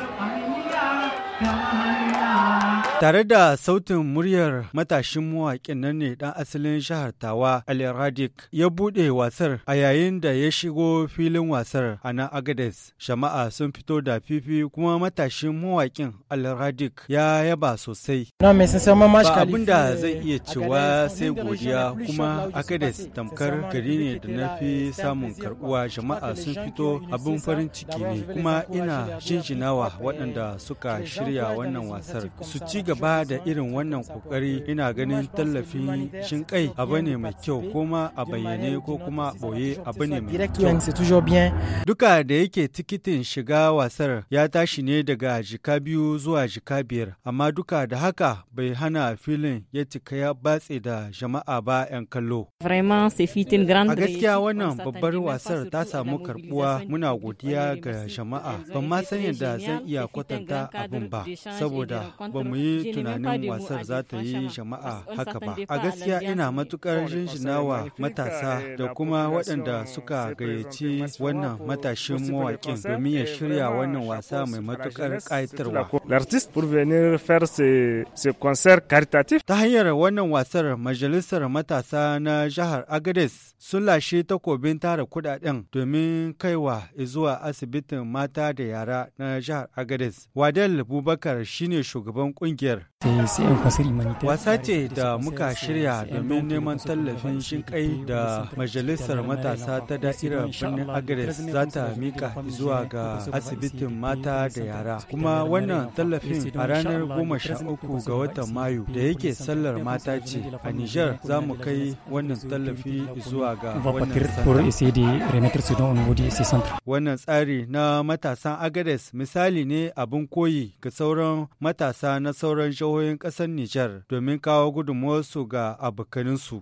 Hallelujah. Tare da sautin muryar matashin mawaƙin nan ne ɗan asalin shahar Tawa Ali Radik ya buɗe wasar a yayin da ya shigo filin wasar a nan Agades. Shama'a sun fito da fifi kuma matashin mawaƙin Ali Radik ya yaba sosai. abin da zai iya cewa sai godiya kuma Agades tamkar gari ne da na fi samun karɓuwa jama'a sun fito abin farin ciki ne kuma ina shinshinawa waɗanda suka shirya wannan wasar su ci gaba da irin wannan kokari ina ganin tallafin shinkai abu ne mai kyau ma a bayyane ko kuma boye abu ne mai kyau. Duka da yake tikitin shiga wasar ya tashi ne daga jika biyu zuwa jika biyar amma duka da haka bai hana filin ya cika ya batse da jama'a ba 'yan kallo. A gaskiya wannan babbar wasar ta samu karbuwa muna godiya ga jama'a ban ma san yadda zan iya kwatanta abin ba saboda ba mu yi tunanin wasar za ta yi jama'a haka ba. A gaskiya ina matukar wa matasa da kuma waɗanda suka gayyaci wannan matashin mawaƙin domin ya shirya wannan wasa mai matukar ƙaitarwa. L'artiste pour venir faire ce, ce concert caritatif. Ta hanyar wannan wasar majalisar matasa na jihar Agades sun lashe takobin tara kudaden domin kaiwa zuwa asibitin mata da yara na jihar Agades. Wadel Bubakar shine shugaban kungiyar Peter Wasa ce da muka shirya domin neman tallafin shinkai da Majalisar Matasa ta da'irar birnin Agres za ta mika zuwa ga asibitin mata da yara. Kuma wannan tallafin a ranar 13 ga watan Mayu da yake sallar mata ce a Nijar za mu kai wannan tallafi zuwa ga wannan tsari na matasan Agres misali ne abin koyi ga sauran matasa na sauran jihohin ƙasar Nijar domin kawo gudunmuwarsu ga abokaninsu.